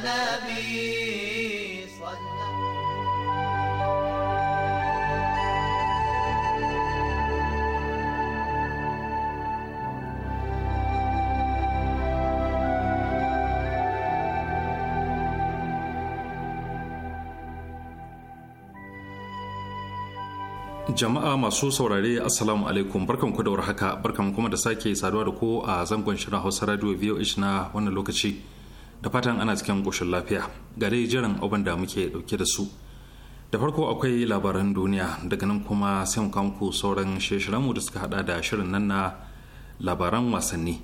النبي jama'a masu saurare assalamu alaikum barkan ku da warhaka barkan kuma da sake saduwa da ku a zangon shirin hausa radio voh na wannan lokaci da fatan ana cikin ƙoshin lafiya ga dai jiran abin da muke ɗauke da su da farko akwai labaran duniya daga nan kuma sai mu kanku sauran shirye-shiryenmu da suka hada da shirin nan na labaran wasanni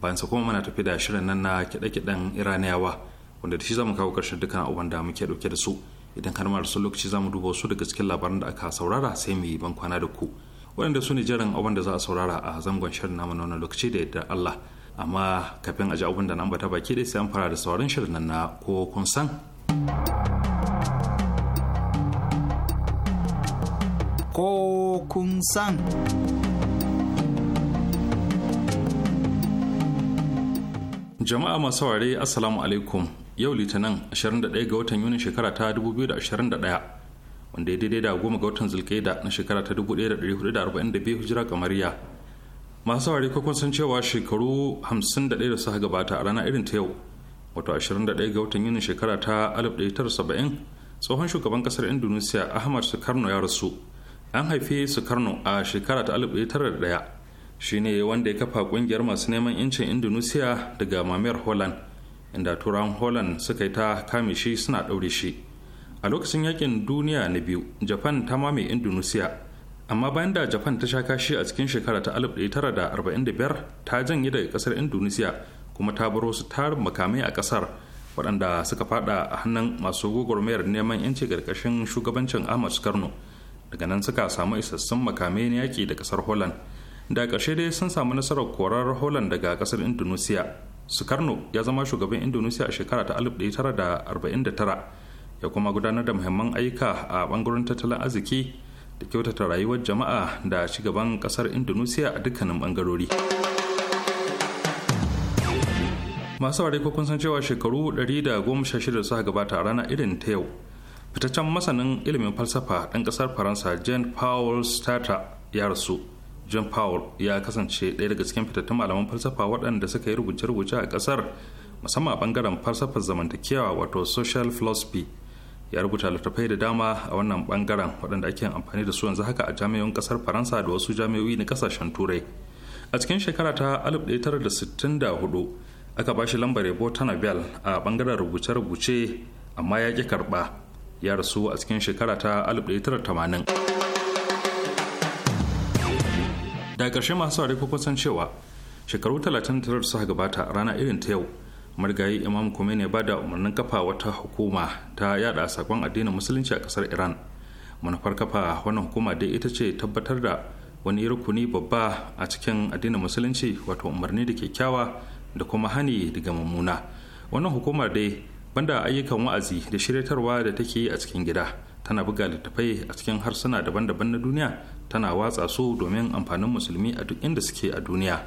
bayan sa kuma muna tafi da shirin nan na kiɗe-kiɗen iraniyawa wanda da shi zamu kawo ƙarshen dukkan abin da muke ɗauke da su idan kan mara rasu lokaci zamu duba su daga cikin labaran da aka saurara sai mu yi ban kwana da ku waɗanda su ne jiran abin da za a saurara a zangon shirin namu na lokaci da yadda Allah amma kafin a ji abin da nan bata baki dai sai an fara da sauran shirin nan na ko kun san ko kun san jama'a masu ware assalamu alaikum yau litinin 21 ga watan yunin shekara ta 2021 wanda ya daidai da goma ga watan zulkaida na shekara ta 1442 hijira kamariya masu saurari kwakwan san cewa shekaru 51 da suka gabata a rana irin ta yau wato 21 ga watan yunin shekara ta 1970 tsohon shugaban kasar indonesia ahmad sukarno ya rasu an haife sukarno a shekara ta 1901 shine wanda ya kafa kungiyar masu neman yancin indonesia daga mamayar holland inda turan holland suka yi ta kame shi suna ɗaure shi a lokacin yakin duniya na biyu japan ta mame indonesia amma bayan da japan ta sha kashi a cikin shekara ta 1945 ta janye daga kasar indonesia kuma ta bar wasu tarin makamai a kasar waɗanda suka fada a hannun masu gwagwarmayar neman yanci karkashin shugabancin ahmad karno daga nan suka samu isassun makamai na yaki da kasar holland da ƙarshe dai sun samu nasarar korar holland daga kasar su sukarno ya zama shugaban indonesia a shekara ta 1949 ya kuma gudanar da muhimman ayyuka a ɓangaren tattalin arziki da kyautata rayuwar jama'a da shugaban kasar indonesia a dukkanin bangarori masu ware kun san cewa shekaru 116 suka gabata a rana irin ta yau fitaccen masanin ilimin falsafa ɗan ƙasar faransa jean paul stata ya rasu jean paul ya kasance ɗaya daga cikin fitattun malaman falsafa waɗanda suka yi rubuce-rubuce a ƙasar musamman a ɓangaren falsafar zamantakewa wato social philosophy ya rubuta littattafai da dama a wannan bangaren waɗanda ake amfani da su yanzu haka a jami'an ƙasar faransa da wasu jami'o'i na ƙasashen turai a cikin shekara ta 1964 aka bashi shi lambar yabo ta nobel a bangaren rubuce-rubuce amma ya ƙi karɓa ya rasu a cikin shekara ta 1980 daga ƙarshe masu ko kusan cewa shekaru 39 suka gabata rana irin ta yau marigayi imam khomeini ya bada umarnin kafa wata hukuma ta yada sakon addinin musulunci a kasar iran manufar kafa wannan hukuma dai ita ce tabbatar da wani rukuni babba a cikin addinin musulunci wato umarni da kyakkyawa da kuma hani daga mummuna wannan hukumar dai banda ayyukan wa'azi da shiryatarwa da take yi a cikin gida tana buga littattafai a cikin harsuna daban-daban na duniya tana watsa su domin amfanin musulmi a duk inda suke a duniya.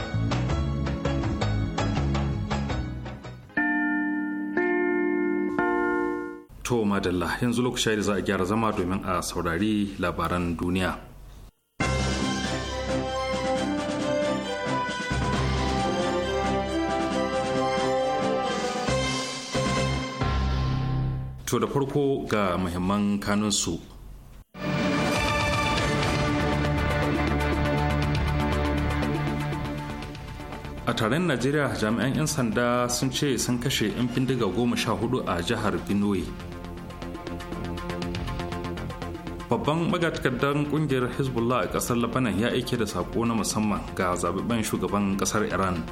To madalla yanzu lokaci za a gyara zama domin a saurari labaran duniya. To da farko ga muhimman kanunsu. a taron najeriya jami'an 'yan sanda sun ce sun kashe 'yan bindiga goma sha hudu a jihar benue babban magatakardar kungiyar hezbollah a kasar labanan ya aike da sako na musamman ga zababben shugaban kasar iran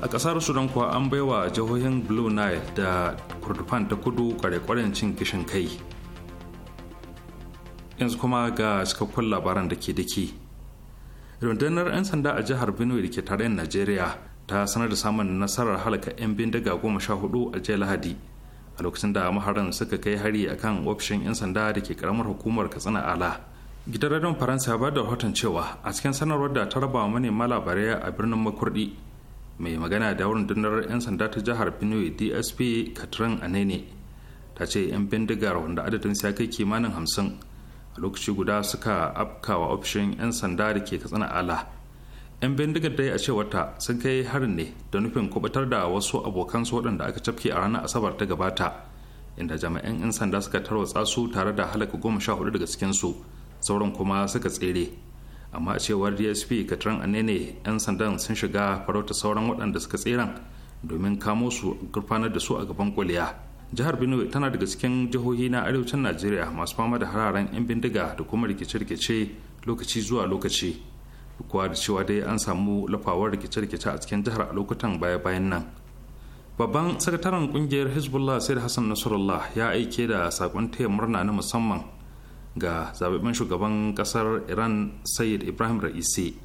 a kasar sudan kuwa an baiwa jihohin blue nile da kurdufan ta kudu kware kwarin cin kishin kai yanzu kuma ga cikakkun labaran da ke dake rundunar 'yan sanda a jihar benue da ke tarayyar najeriya ta sanar da samun nasarar halaka 'yan bindiga goma sha hudu a jiya lahadi a lokacin da maharan suka kai hari a kan ofishin 'yan sanda da ke karamar hukumar katsina ala gidan radon faransa ba da rahoton cewa a cikin sanarwar da ta raba manema labarai a birnin makurdi mai magana da wurin dundunar 'yan sanda ta jihar benue dsp katrin anene ta ce 'yan bindigar wanda adadin ya kai kimanin hamsin a lokaci guda suka afkawa ofishin 'yan sanda da ke katsina ala 'yan bindigar dai a cewar ta sun kai harin ne da nufin kubutar da wasu abokansu waɗanda aka cafke a ranar asabar ta gabata inda jami'an 'yan sanda suka tarwatsa su tare da halaka goma sha hudu daga cikin su sauran kuma suka tsere amma a cewar dsp katran anene 'yan sandan sun shiga farauta sauran waɗanda suka tseren domin kamo su gurfanar da su a gaban kuliya jihar benue tana daga cikin jihohi na arewacin najeriya masu fama da hararen 'yan bindiga da kuma rikice-rikice lokaci zuwa lokaci kuwa da cewa dai an samu lafawar rikice-rikice a cikin jihar a lokutan baya-bayan nan babban sakataren kungiyar hezbollah da hassan nasarullah ya aike da sakon taya murna na musamman ga zababben shugaban kasar iran sayyid ibrahim ra'isi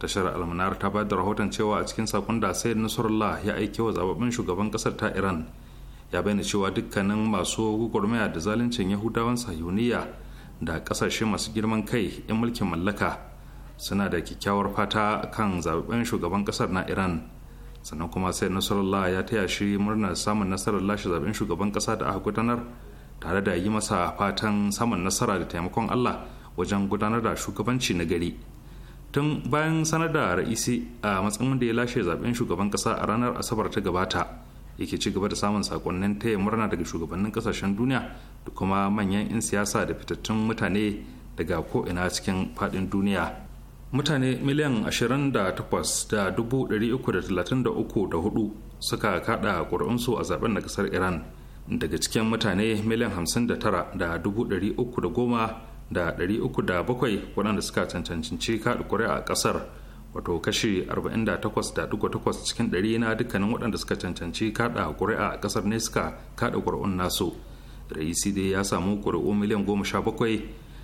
tashar almanar ta bayar da rahoton cewa a cikin sakon da sayyid nasarullah ya aike wa zababben shugaban kasar ta iran ya bayyana cewa dukkanin masu gwagwarmaya da zaluncin yahudawan sahuniya da kasashe masu girman kai 'yan mulkin mallaka suna da kyakkyawar fata kan zaɓen shugaban ƙasar na iran sannan kuma sai nasarallah ya taya shi murnar samun nasarar lashe zaɓen shugaban ƙasa da aka gudanar tare da yi masa fatan samun nasara da taimakon allah wajen gudanar da shugabanci na gari tun bayan sanar da ra'isi a matsayin da ya lashe zaɓen shugaban ƙasa a ranar asabar ta gabata yake ci gaba da samun sakonnin taya murna daga shugabannin kasashen duniya da kuma manyan 'yan siyasa da fitattun mutane daga ko'ina cikin faɗin duniya mutane miliyan 28,334 suka kada ƙuri'unsu a zaben na ƙasar iran daga cikin mutane miliyan 59,310,307 waɗanda suka cancanci kaɗa ƙuri'a a ƙasar wato kashi 48.8 cikin ɗari na dukkanin waɗanda suka cancanci kaɗa ƙuri'a a ƙasar ne suka kaɗa ƙuri'un nasu raisi dai ya samu ƙuri'u miliyan 17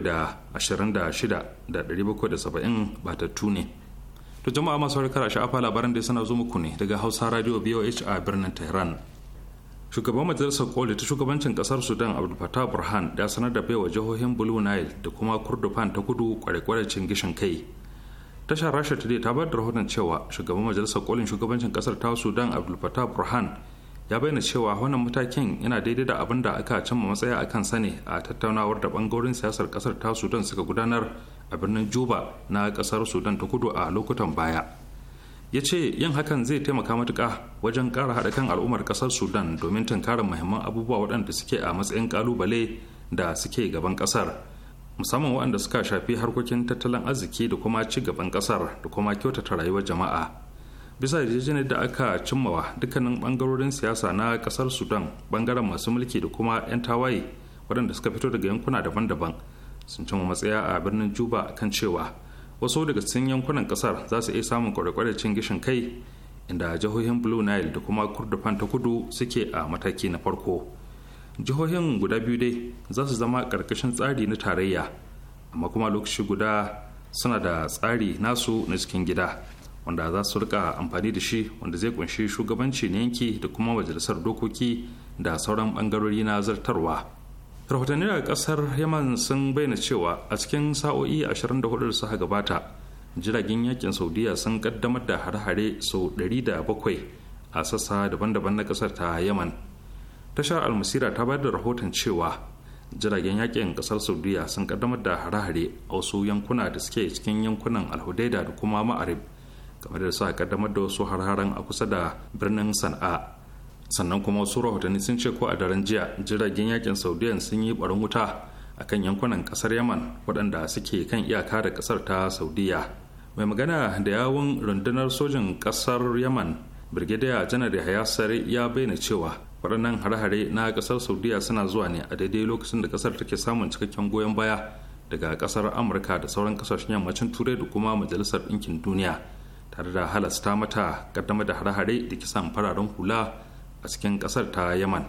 da 726,770 batattu ne. To jama'a masu harkar sha'afa labaran da suna zo muku ne daga Hausa Radio BOH a birnin Tehran. Shugaban Majalisar Koli ta shugabancin kasar Sudan Abdul Fattah Burhan ya sanar da baiwa jihohin Blue Nile da kuma Kurdufan ta kudu kware cingishin gishin kai. Tashar Rasha Today ta bar da rahoton cewa shugaban Majalisar Kolin shugabancin kasar ta Sudan Abdul Fattah Burhan ya bayyana cewa wannan matakin yana daidai da abin da aka cimma matsaya a kansa ne a tattaunawar da bangarorin siyasar kasar ta sudan suka gudanar a birnin juba na kasar sudan ta kudu a lokutan baya ya ce yin hakan zai taimaka matuka wajen ƙara haɗa kan al'ummar ƙasar sudan domin tunkarar muhimman abubuwa waɗanda suke a matsayin kalubale da suke gaban ƙasar musamman waɗanda suka shafi harkokin tattalin arziki da kuma ci gaban ƙasar da kuma kyautata rayuwar jama'a bisa yarjejeniyar da aka cimmawa dukkanin bangarorin siyasa na kasar sudan bangaren masu mulki da kuma 'yan tawaye waɗanda suka fito daga yankuna daban-daban sun cimma matsaya a birnin juba kan cewa wasu daga cikin yankunan kasar za su iya samun kwarekwarar cin gishin kai inda jihohin blue nile da kuma kurdufan ta kudu suke a mataki na farko jihohin guda biyu dai za su zama ƙarƙashin tsari na tarayya amma kuma lokaci guda suna da tsari nasu na cikin gida wanda za su rika amfani da shi wanda zai kunshi shugabanci na yanki da kuma majalisar dokoki da sauran bangarori na zartarwa rahotanni daga kasar yaman sun bayyana cewa a cikin sa'o'i 24 da suka gabata jiragen yakin saudiya sun kaddamar da hare-hare sau 700 a sassa daban-daban na kasar ta yaman tashar almasira ta bayar da rahoton cewa jiragen yakin kasar saudiya sun kaddamar da hare-hare a wasu yankuna da suke cikin yankunan alhudaida da kuma ma'arib kamar da sa kaddamar da wasu harharan a kusa da birnin sana'a sannan kuma wasu rahotanni sun ce ko a daren jiya jiragen yakin saudiyan sun yi barin wuta a kan yankunan kasar yaman waɗanda suke kan iyaka da kasar ta saudiya mai magana da yawun rundunar sojin kasar yaman birgidiya janar yahaya sare ya bayyana cewa waɗannan hare-hare na kasar saudiya suna zuwa ne a daidai lokacin da kasar take samun cikakken goyon baya daga kasar amurka da sauran kasashen yammacin turai da kuma majalisar ɗinkin duniya tare da halasta mata kaddamar da hare-hare da kisan fararen hula a cikin kasar ta yaman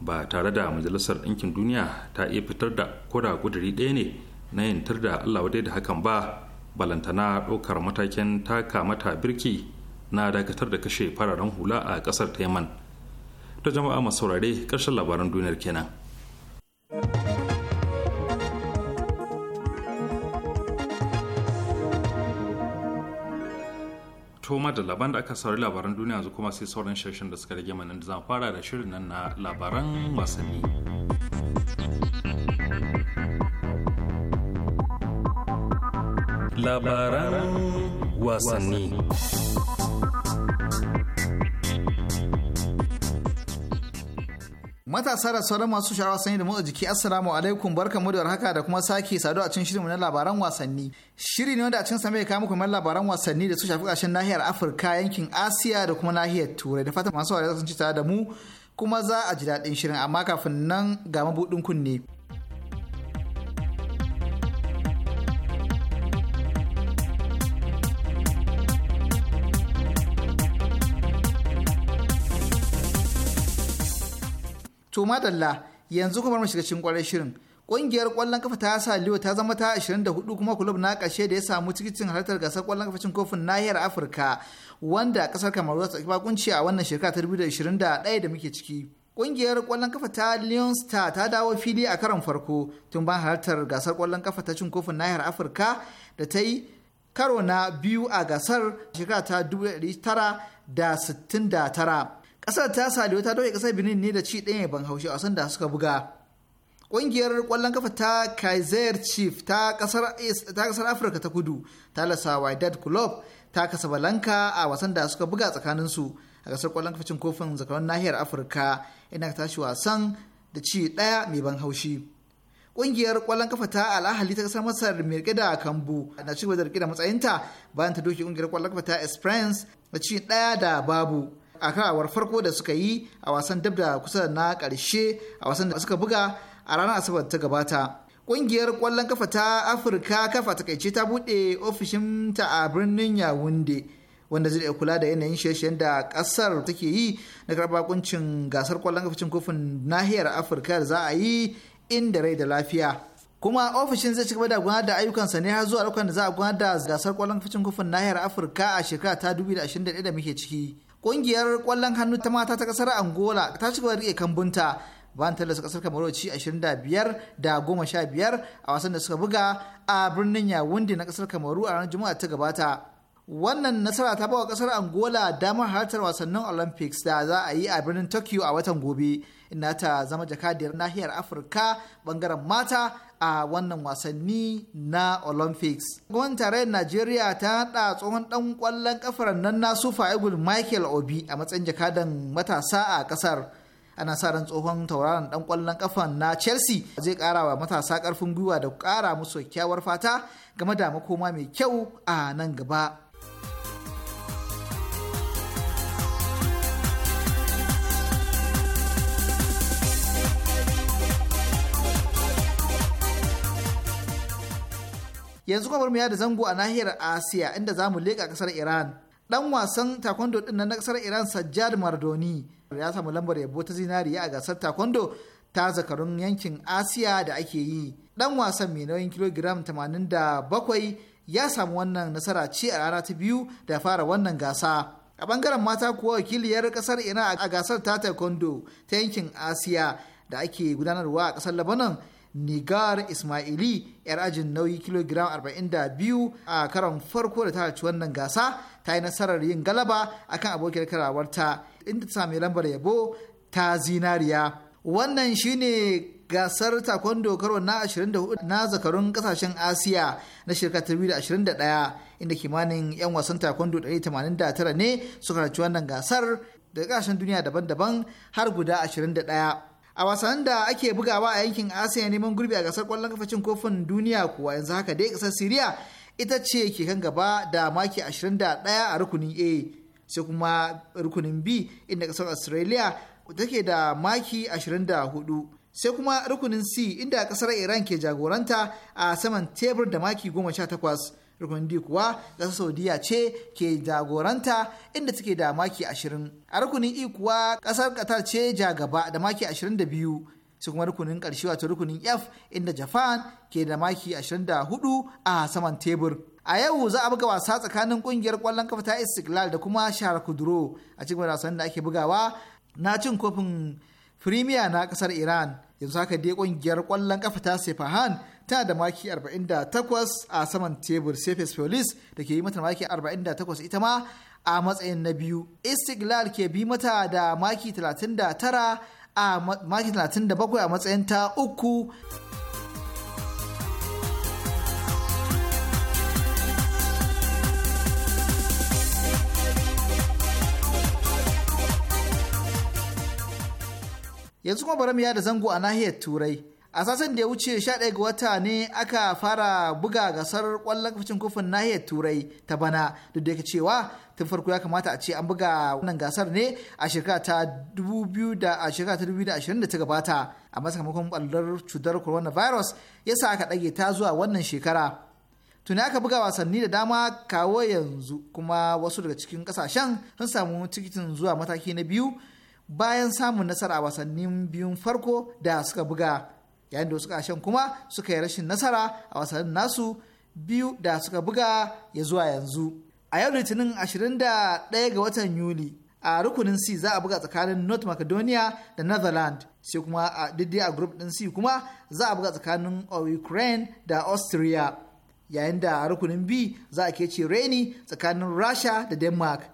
ba tare da majalisar ɗinkin duniya ta iya fitar da koda guduri ɗaya ne na yin tar da allah wadai da hakan ba balantana ɗaukar matakin taka mata birki na dakatar da kashe fararen hula a kasar ta yaman ta jama'a masu saurare ƙarshen labaran duniyar kenan. toma da labaran da aka sauri labaran duniya yanzu kuma sai sauran shirin da suka rage mana da zan fara da shirin nan na labaran wasanni labaran wasanni matasa da sauran masu sha'awa sanyi da motsa jiki assalamu alaikum mu da warhaka da kuma sake saduwa a cikin shirinmu na labaran wasanni shiri ne wanda a cikin samai kawo muku mai labaran wasanni da su shafi kashin nahiyar afirka yankin asiya da kuma nahiyar turai da fatan masu wariya sun ci tare da mu kuma za a ji daɗin shirin amma kafin nan ga mabuɗin kunne. To madalla yanzu kuma mu shiga cikin kwarar shirin. Ƙungiyar kwallon kafa ta sa ta zama ta 24 kuma kulob na ƙarshe da ya samu tikitin halartar gasar ƙwallon kafa cin kofin nahiyar Afirka wanda ƙasar Kamaru ta ɗauki bakunci a wannan shekara ta 2021 da muke ciki. Ƙungiyar kwallon kafa ta Lion Star ta dawo fili a karon farko tun ba halartar gasar kwallon kafa ta cin kofin nahiyar Afirka da ta yi karo na biyu a gasar shekara ta 1969. kasar ta saliwa ta dauke ƙasar Benin ne da ci ɗaya ban haushi a wasan da suka buga. Ƙungiyar ƙwallon kafa ta Kaiser Chief ta kasar Afirka ta Kudu ta lasa Wydad Club ta Casablanca a wasan da suka buga tsakaninsu a ƙasar ƙwallon kafa cin kofin zakarun nahiyar Afirka ina tashi wasan da ci ɗaya mai ban haushi. Ƙungiyar ƙwallon kafa ta al'ahali ta kasar Masar mai riƙe da Kambu na ci gaba da riƙe da matsayinta bayan ta doke ƙungiyar ƙwallon kafa ta Esperance da ci ɗaya da babu. a karawar farko da suka yi a wasan dab da kusa na karshe a wasan da suka buga a ranar asabar ta gabata Ƙungiyar ƙwallon kafa ta afirka kafa takaice ta buɗe ofishinta a birnin yawunde wanda zai kula da yanayin shirye-shiryen da kasar take yi na karɓar kuncin gasar kwallon cin kofin nahiyar afirka da za a yi inda rai da lafiya kuma ofishin zai cigaba da gudanar da ayyukansa ne har zuwa lokacin da za a gudanar da gasar kwallon cin kofin nahiyar afirka a shekara ta 2021 da muke ciki Ƙungiyar ƙwallon hannu ta mata ta ƙasar Angola ta ci riƙe kambunta bayan tallasa ƙasar Kamaroci 25 da 15 a wasan da suka buga a birnin Yawundi na ƙasar Kamaru a ranar Juma'a ta gabata. wannan nasara ta bawa kasar angola damar halartar wasannin olympics da za a yi a birnin tokyo a watan gobe inda ta zama jakadiyar nahiyar afirka bangaren mata a wannan wasanni na olympics gwamnatin tarayyar nigeria ta hada tsohon dan kwallon kafar nan na sufa eagle michael obi a matsayin jakadan matasa a kasar ana sa ran tsohon tauraron dan kwallon kafan na chelsea zai kara wa matasa karfin gwiwa da kara musu kyawar fata game da makoma mai kyau a nan gaba yanzu kuma mu da zango a nahiyar asiya inda za mu leƙa ƙasar iran dan wasan taekwondo din na kasar iran sajjad mardoni ya samu lambar yabo ta zinariya a gasar taekwondo ta zakarun yankin asiya da ake yi dan wasan mai nauyin kilogiram 87 ya samu wannan nasara ce a rana ta biyu da fara wannan gasa a bangaren mata kuwa wakiliyar kasar iran a gasar ta taekwondo ta yankin asiya da ake gudanarwa a kasar lebanon nigar ismaili yar ajin nauyi kilogiram 42 a karon farko da ta haci wannan gasa ta yi nasarar yin galaba akan abokin karawarta inda ta sami lambar yabo ta zinariya wannan shine gasar taekwondo karo na 24 na zakarun kasashen asiya na shirka 2021 inda kimanin 'yan wasan taekwondo 189 ne suka rarci wannan gasar daga kasashen duniya daban-daban har guda 21 a wasan da ake bugawa a yankin asiya neman gurbi a gasar kwallon kafacin kofin duniya kuwa yanzu haka dai kasar siriya ita ce ke kan gaba da maki 21 a rukunin a sai kuma rukunin b inda kasar australia take da maki 24 sai kuma rukunin c inda kasar iran ke jagoranta a saman tebur da maki 18 rukunin D kuwa ƙasar Saudiya ce ke jagoranta inda take da maki 20. A rukunin E kuwa ƙasar Qatar ce ja gaba da maki 22. Su kuma rukunin ƙarshe wato rukunin F inda Japan ke da maki 24 a saman tebur. A yau za a buga wasa tsakanin kungiyar kwallon kafa ta Istiklal da kuma Shahar Kuduro a cikin wasan da ake bugawa na cin kofin Firimiya na ƙasar Iran. yanzu haka dai kungiyar kwallon kafa ta sefahan ta da maki 48 a saman tebur sefes police da ke yi mata maki 48 ita ma a matsayin na biyu istiklal ke bi mata da maki 39 a maki 37 a matsayin ta uku yanzu kuma bari mu yada zango a nahiyar turai a sasin da ya wuce sha ɗaya ga wata ne aka fara buga gasar kwallon kafin kufin nahiyar turai ta bana duk da yake cewa tun farko ya kamata a ce an buga wannan gasar ne a shekara ta 2020 da ta gabata amma sakamakon ɓallar cutar coronavirus ya sa aka ɗage ta zuwa wannan shekara tuni aka buga wasanni da dama kawo yanzu kuma wasu daga cikin kasashen sun samu tikitin zuwa mataki na biyu bayan samun nasara a wasannin biyun farko da suka buga yayin da wasu ƙasashen kuma suka yi rashin nasara a wasannin nasu biyu da suka buga ya zuwa yanzu a yau litinin 21 ga watan yuli a rukunin c za a buga tsakanin north macedonia da netherland sai kuma a diddi a group din c kuma za a buga tsakanin ukraine da austria yayin da rukunin b za a kece reni tsakanin russia da denmark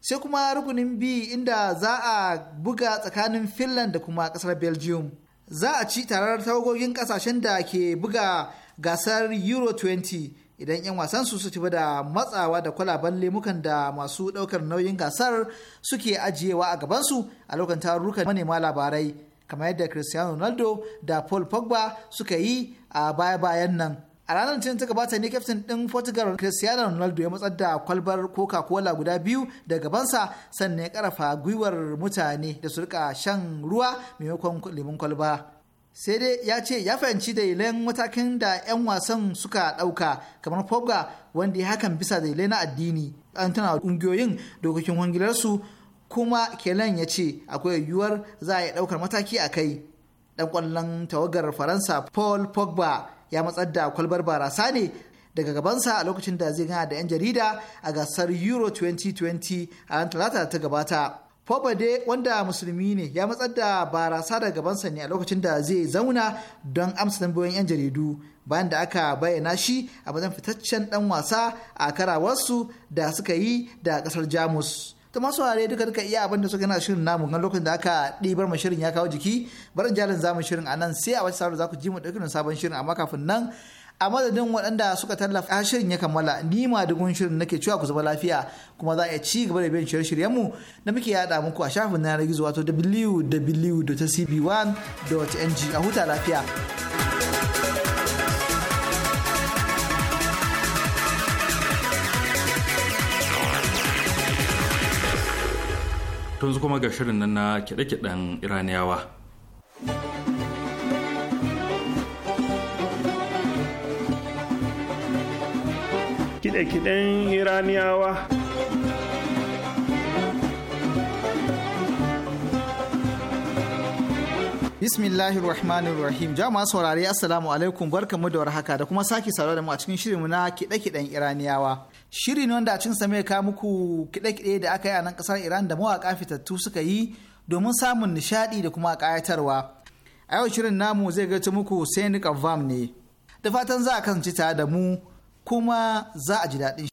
sai kuma rukunin b inda za a buga tsakanin finland da kuma kasar belgium za a ci tarar tawagogin kasashen da ke buga gasar euro 20 idan 'yan wasan su su tafi da matsawa da kwalaban lemukan da masu daukar nauyin gasar suke ajiyewa a gabansu a lokacin tarurrukan manema labarai kamar yadda cristiano ronaldo da paul pogba suka yi a baya-bayan nan a ranar litinin ta gabata ne kyaftin ɗin portugal cristiano ronaldo ya matsar da kwalbar coca-cola guda biyu da gabansa sannan ya karafa gwiwar mutane da su rika shan ruwa maimakon lemun kwalba sai dai ya ce ya fahimci dalilan matakin da 'yan wasan suka dauka kamar pogba wanda ya hakan bisa dailai na addini an tana ƙungiyoyin dokokin wangilarsu kuma kelen ya ce akwai yiwuwar za a yi ɗaukar mataki a kai ɗan kwallon tawagar faransa paul pogba ya matsar da kwalbar barasa ne daga gabansa a lokacin da zai gana da 'yan jarida a gasar euro 2020 a ran talata ta gabata dai wanda musulmi ne ya matsar da barasa daga gabansa ne a lokacin da zai zauna don amsa tambayoyin 'yan jaridu bayan da aka bayyana shi a matsayin fitaccen dan wasa a karawarsu da suka yi da kasar Jamus. to masu ware duka duka iya abin da suka yana shirin namu ga lokacin da aka ɗibar mu shirin ya kawo jiki barin jalin zamu shirin a nan sai a wasu sabar za ku ji mu ɗauki sabon shirin amma kafin nan a madadin waɗanda suka tallafa a shirin ya kammala ni ma dugun shirin nake cewa ku zama lafiya kuma za a iya ci gaba da biyan shirye-shiryen mu da muke yada muku a shafin na yanar gizo wato www.cb1.ng a huta lafiya. tun kuma ga shirin nan na kiɗe-kiɗen iraniyawa kiɗe-kiɗen iraniyawa Bismillahir Rahmanir Rahim. Jama'a saurari Assalamu alaikum mu da warhaka da kuma sake saurare da mu a cikin shirin na kiɗe-kiɗen Iraniyawa. Shirin wanda a cikin samai ka muku kiɗe-kiɗe da aka yi a nan ƙasar Iran da mawaƙa fitattu suka yi domin samun nishaɗi da kuma kayatarwa. A yau shirin namu zai gaci muku sai Kavam ne. Da fatan za a kasance tare da mu kuma za a ji daɗin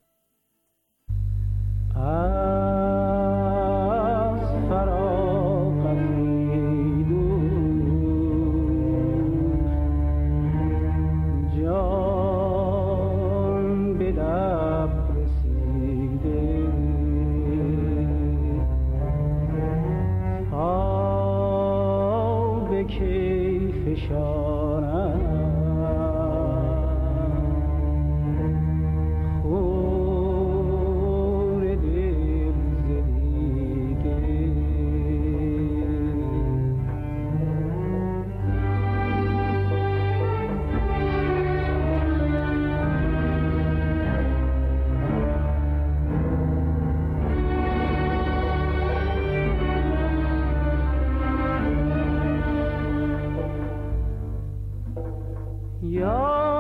Your.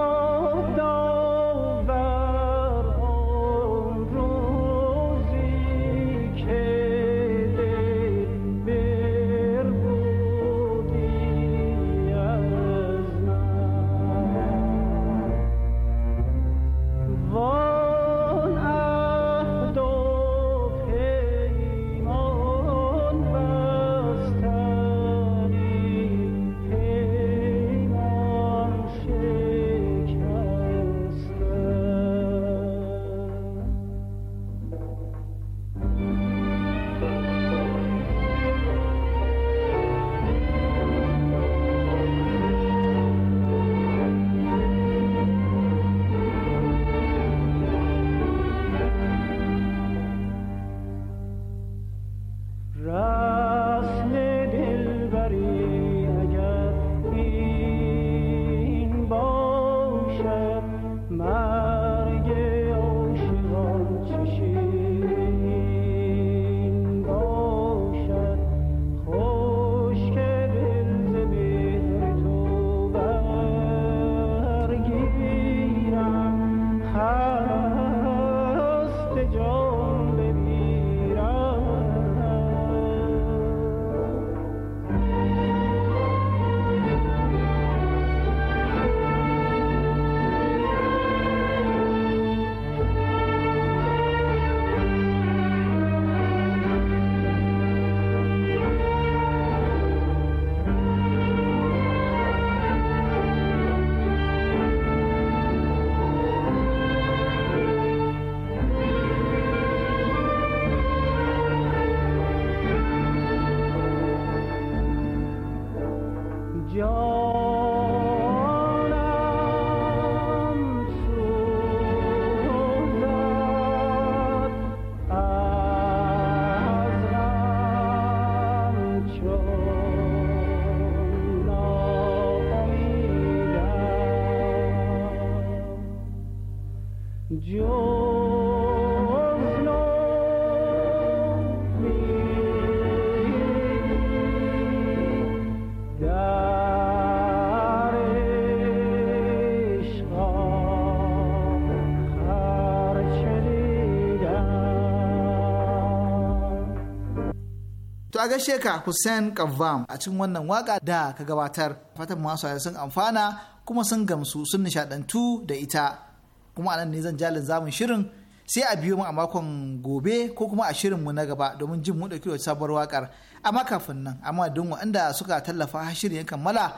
gaishe ka Hussein Kavam a cikin wannan waka da ka gabatar fatan masu sun amfana kuma sun gamsu sun nishadantu da ita kuma anan ne zan jalin zamun shirin sai a biyo mu a makon gobe ko kuma a shirin mu na gaba domin jin mu dauki sabuwar wakar amma kafin nan amma don waɗanda suka tallafa shirin ya kammala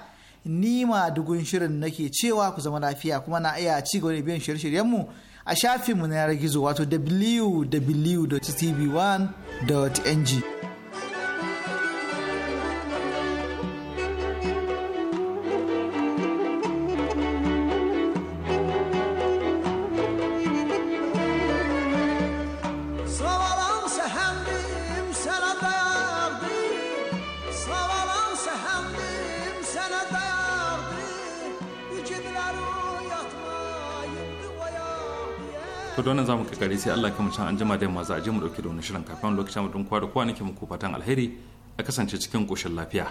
ni ma dugun shirin nake cewa ku zama lafiya kuma na iya ci gaba da biyan shirye-shiryen mu a shafinmu na yanar gizo wato www.tv1.ng da za mu kakari sai Allah mu can anjima da yamma za a je mu dauke da wani shirin kafin lokacin mu don kwa da ke nake muku fatan alheri a kasance cikin koshin lafiya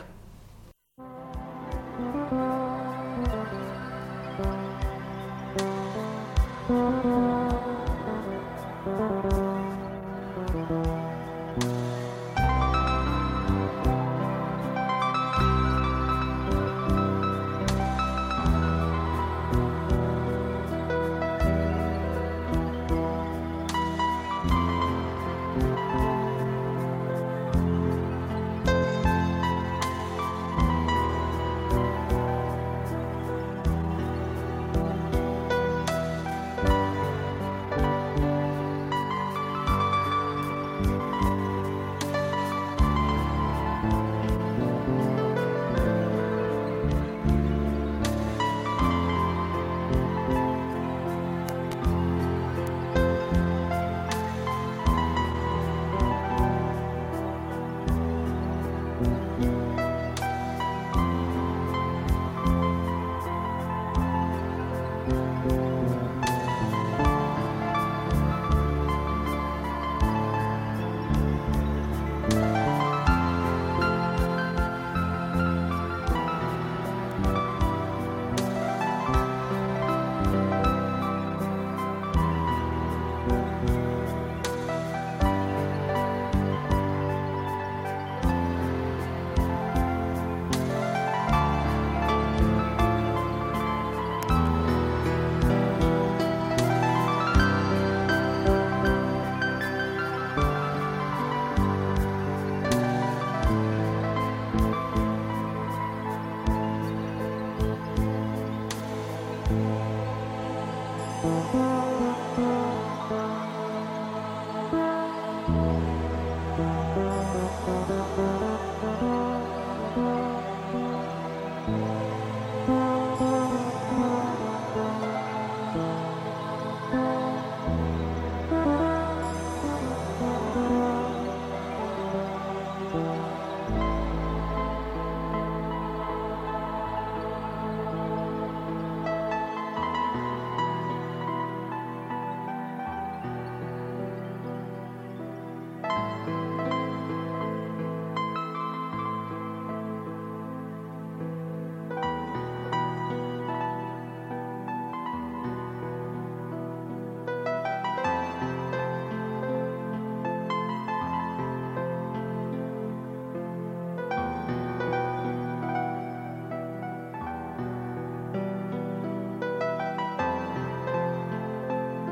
thank you